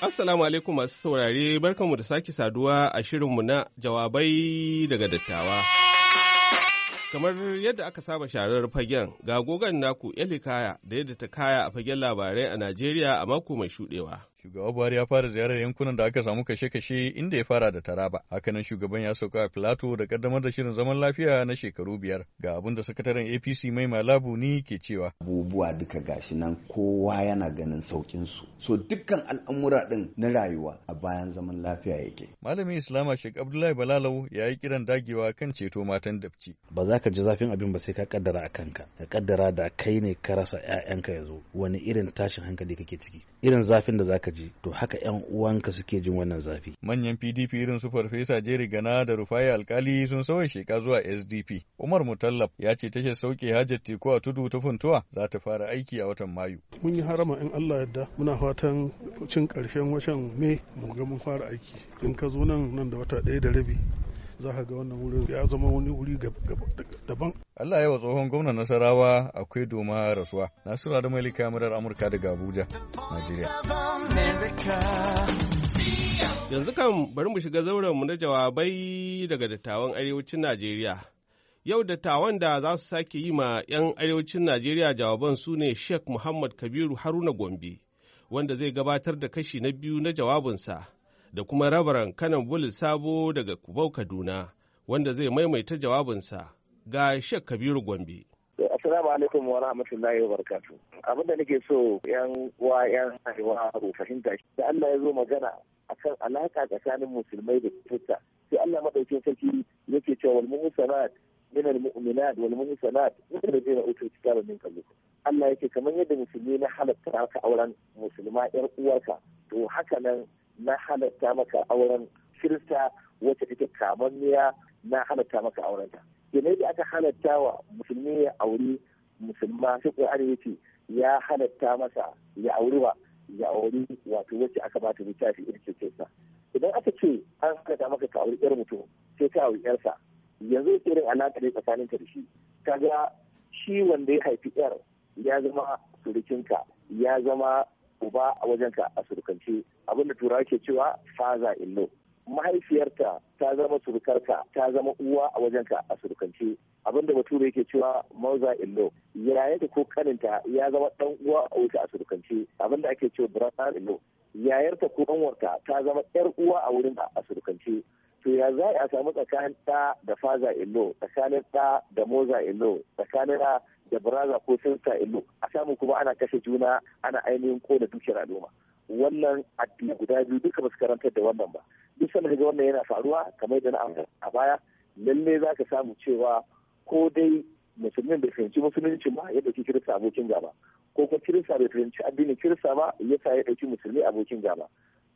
Assalamu alaikum masu saurare barkanmu da sake saduwa a shirinmu na jawabai daga dattawa. Kamar yadda aka saba sharar fagen ga gogon naku Elikaya da yadda ta kaya a fagen labarai a Najeriya a mako mai shuɗewa. Shugaba Buhari ya fara ziyarar yankunan da aka samu kashe-kashe inda ya fara da Taraba. Hakanan shugaban ya sauka a Filato da kaddamar da shirin zaman lafiya na shekaru biyar. Ga abin da sakataren APC mai malabu ni ke cewa. Abubuwa duka gashi nan kowa yana ganin saukin su. So dukkan al'amura din na rayuwa a bayan zaman lafiya yake. Malamin Islama Sheikh Abdullahi Balalau ya yi kiran dagewa kan ceto matan dabci. Ba za ka ji zafin abin ba sai ka kaddara a kanka. Ka kaddara da kai ne ka rasa 'ya'yanka yanzu wani irin tashin hankali kake ciki. Irin zafin da za ka ji to haka yan uwanka suke jin wannan zafi manyan PDP irin su farfesa Jerry Gana da Rufai Alkali sun sauya sheka zuwa SDP Umar Mutallab ya ce tashar sauke Hajar Teku a tudu ta Funtuwa za ta fara aiki a watan Mayu mun yi harama in Allah yadda muna fatan cin karshen watan Mai mu ga mun fara aiki in ka zo nan nan da wata ɗaya da rabi za ka ga wannan wurin ya zama wani wuri daban. Allah ya wa tsohon gwamnan Nasarawa akwai doma rasuwa. Nasiru da Malika Amurka daga Abuja, Najeriya. Yanzu kan bari mu shiga zauren mu na jawabai daga dattawan arewacin Najeriya. Yau dattawan da za su sake yi ma 'yan arewacin Najeriya jawaban su ne Sheikh Muhammad Kabiru Haruna Gombe, wanda zai gabatar da kashi na biyu na jawabinsa. da kuma rabaran kanan bul sabo daga kubau kaduna wanda zai maimaita jawabinsa ga shek kabiru gombe Assalamu alaikum wa rahmatullahi wa barakatu. Abin da nake so yan wa yan arewa ku fahimta shi. Da Allah ya zo magana akan alaka tsakanin musulmai da kirista. Sai Allah madaukin sarki yake cewa wal da min al mu'minat wal muhsanat min alladhina utul kitaba min kallo. Allah yake kamar yadda musulmi na halatta aka auren musulma yar uwarka to haka nan na halatta maka auren kirista wacce ita kamanniya na halatta maka aurenta kenan da aka halatta wa musulmi ya auri musulma shi ƙwari yake ya halatta masa ya auri wa ya auri wato wacce aka bata littafi irin sa idan aka ce an halatta maka ka auri yar mutum sai ka auri yarsa yanzu irin alaƙa tsakanin ta da shi kaga shi wanda ya haifi yar ya zama surukinka ya zama uba a wajenka a surukance abinda turawa ke cewa faza illo mahaifiyarta ta zama surukarka ta zama uwa a wajenka a surukance da bature yake cewa mauza illo da ko kaninta ya zama dan uwa a wuta a surukance da ake cewa brother illo yayarta ko ɗanwarta ta zama yar uwa a wurin a surukance to ya za a samu tsakanin ta da faza illo tsakanin ɗa da moza illo tsakanin da buraza ko sirka illo a samu kuma ana kashe juna ana ainihin da dukiyar al'umma wannan addini guda biyu duka basu karantar da wannan ba duk sanda daga wannan yana faruwa kamar da na a baya lalle za ka samu cewa ko dai musulmin bai fahimci musulunci ba ya dauki kirista abokin gaba ko kuma kirista bai fahimci addinin kirista ba ya sa ya ɗauki musulmi abokin gaba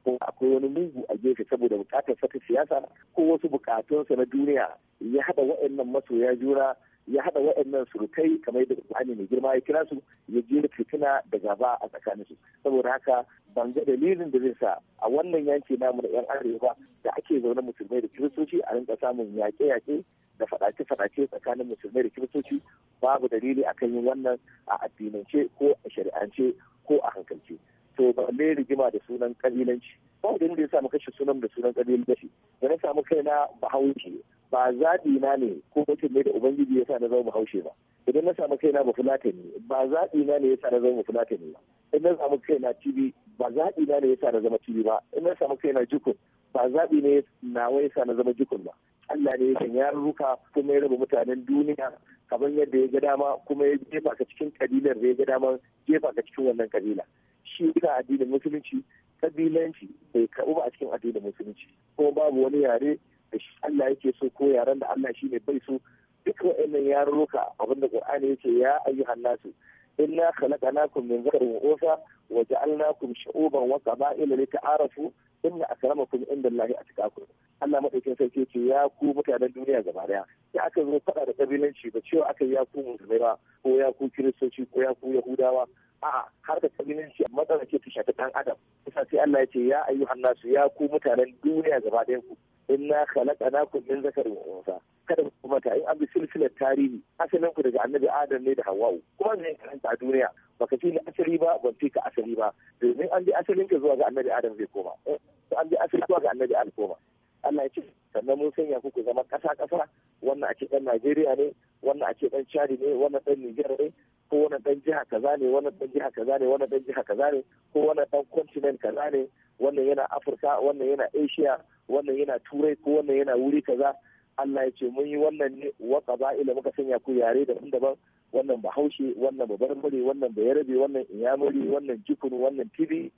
ko akwai wani mugu a gefe saboda bukatar sata siyasa ko wasu bukatunsa na duniya ya haɗa waɗannan masoya juna ya hada waɗannan surukai kamar yadda Qur'ani mai girma ya kira su ya jera fitina da gaba a tsakanin su saboda haka ban ga dalilin da zai sa a wannan yanki namu na yan arewa da ake zaune musulmai da kiristoci a rinka samun yaƙe-yaƙe da faɗace-faɗace tsakanin musulmai da kiristoci babu dalili akan yin wannan a addinance ko a shari'ance ko a hankalce to ba ne rigima da sunan kabilanci ba da ya samu kashe sunan da sunan kabilanci da na samu kai na bahaushe ba zaɓi na ne ko mutum ne da ubangiji ya sa na zama haushe ba idan na samu kaina ba fulata ne ba zaɓi na ne ya sa na zama fulata ne ba in na samu kaina tv ba zaɓi na ne ya sa na zama tv ba in na samu kaina jukun ba zaɓi ne na ya sa na zama jukun ba Allah ne ya ruka kuma ya raba mutanen duniya kamar yadda ya ga dama kuma ya jefa ka cikin kabilar da ya ga dama jefa ka cikin wannan kabila shi ka addinin musulunci kabilanci bai karɓu ba a cikin addinin musulunci kuma babu wani yare da Allah yake so ko yaren da Allah shi ne bai so duk wa'annan yarurruka abinda Qur'ani yake ya ayyuhan nasu inna khalaqnakum min dhakarin wa unsa wa ja'alnakum shu'uban wa qaba'ila lita'arafu inna akramakum a atqakum Allah madaukakin sarki ce ya ku mutanen duniya gaba daya ya aka zo fada da kabilanci ba cewa aka ya ku musulmai ba ko ya ku kiristoci ko ya ku yahudawa a'a har da kabilanci matsala ce ta shafi dan adam kusa sai Allah ya ce ya ayyuhan nasu ya ku mutanen duniya gaba daya ku inna khalaqnakum min zakarin wa unsa kada ku kuma ta in an bi silsilar tarihi asalin ku daga annabi adam ne da hawa'u kuma ne karanta a duniya baka ce ni asali ba ban fi ka asali ba domin an bi asalin ka zuwa ga annabi adam zai koma eh, an bi asali zuwa ga annabi adam koma Allah ya ce sannan mun sanya ku ku zama ƙasa ƙasa wannan a ce ɗan Najeriya ne wannan a ce ɗan Chad ne wannan ɗan niger ne ko wannan ɗan jiha kaza ne wannan ɗan jiha kaza ne wannan ɗan jiha kaza ne ko wannan ɗan continent kaza ne wannan yana Afirka wannan yana Asia wannan yana turai ko wannan yana wuri kaza Allah ya ce mun yi wannan ne wa qaba'ila muka sanya ku yare daban-daban wannan bahaushe wannan barbare wannan bayarabe wannan inyamuri wannan jikunu wannan tibi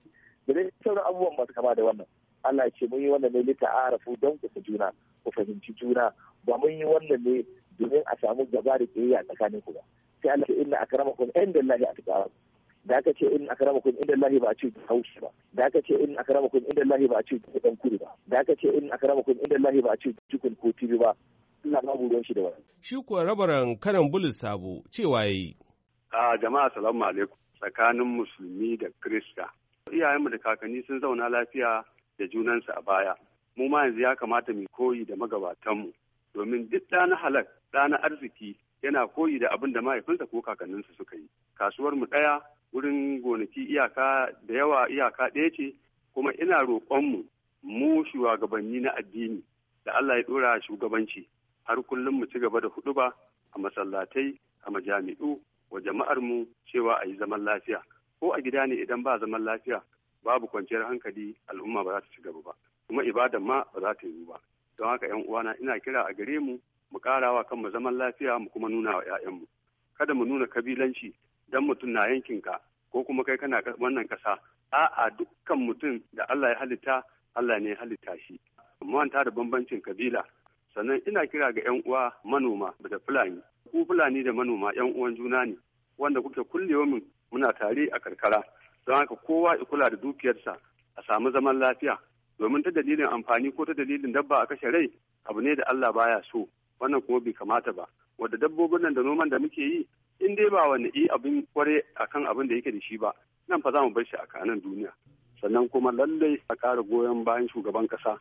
da dai sauran abubuwan masu kama da wannan Allah ya ce mun yi wannan ne lita arafu don ku juna ku fahimci juna ba mun yi wannan ne domin a samu gaba da kiyaye tsakanin ku ba sai Allah ya inna akramakum indallahi atqakum da aka ce in akramakum indallahi ba a ce haushi ba da aka ce in akramakum indallahi ba a ce dan kuri ba da aka ce in akramakum indallahi ba a ce cikin ko tibi ba ina babu ruwan shi da wani shi ko rabaran karan bulus sabo cewa yayi a jama'a salamu alaikum tsakanin musulmi da krista iyayenmu da kakanni sun zauna lafiya da junansu a baya mu ma yanzu ya kamata mu koyi da magabatanmu domin duk ɗa na halak ɗa na arziki yana koyi da abin da mahaifinsa ko kakanninsa suka yi kasuwar mu ɗaya wurin gonaki iyaka da yawa iyaka ɗaya ce kuma ina roƙonmu mu shugabanni na addini da Allah ya ɗora shugabanci har kullum mu ci gaba da huɗuba a masallatai a majami'u wa jama'ar mu cewa a yi zaman lafiya ko a gida ne idan ba zaman lafiya babu kwanciyar hankali al'umma ba za ta ci gaba ba kuma ibadan ma ba za ta yi ba don haka yan uwana ina kira a gare mu mu karawa kanmu zaman lafiya mu kuma nuna wa 'ya'yanmu kada mu nuna kabilanci dan mutum na yankin ka ko kuma kai kana wannan ƙasa a'a dukkan mutum da Allah ya halitta Allah ne ya halitta shi manta da bambancin kabila sannan ina kira ga yan uwa manoma da fulani ku fulani da manoma yan uwan juna ne wanda kuke kullewa muna tare a karkara don haka kowa ya kula da dukiyarsa a samu zaman lafiya domin ta dalilin amfani ko ta dalilin dabba a kashe rai abu ne da Allah baya so wannan kuma bai kamata ba wadda dabbobin nan da noman da muke yi in dai ba wani i eh, abin kware a kan abin da yake da shi ba nan fa za mu bar shi a kanan duniya sannan kuma lallai a kara goyon bayan shugaban ƙasa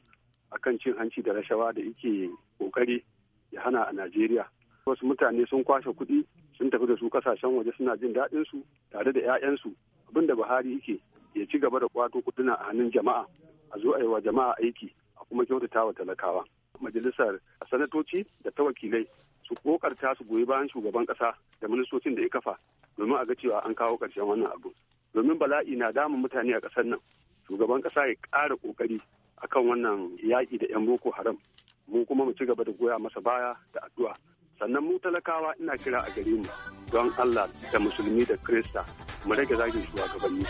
kan cin hanci da rashawa da yake kokari ya hana a Najeriya wasu mutane sun kwashe kuɗi sun tafi da su kasashen waje suna jin daɗin su tare da 'ya'yansu abinda Buhari yake ya ci gaba da kwato kuɗina a hannun jama'a a zo a yi wa jama'a aiki a kuma kyautata wa talakawa majalisar sanatoci da ta wakilai su kokarta su goyi bayan shugaban kasa da ministocin da ya kafa domin a ga cewa an kawo ƙarshen wannan abu domin bala'i na damun mutane a ƙasar nan shugaban kasa ya ƙara ƙoƙari akan wannan yaƙi da 'yan boko haram mu kuma mu ci gaba da goya masa baya da addu'a sannan mu talakawa ina kira a gare mu don allah da musulmi da krista mu rage zagin shugabanni.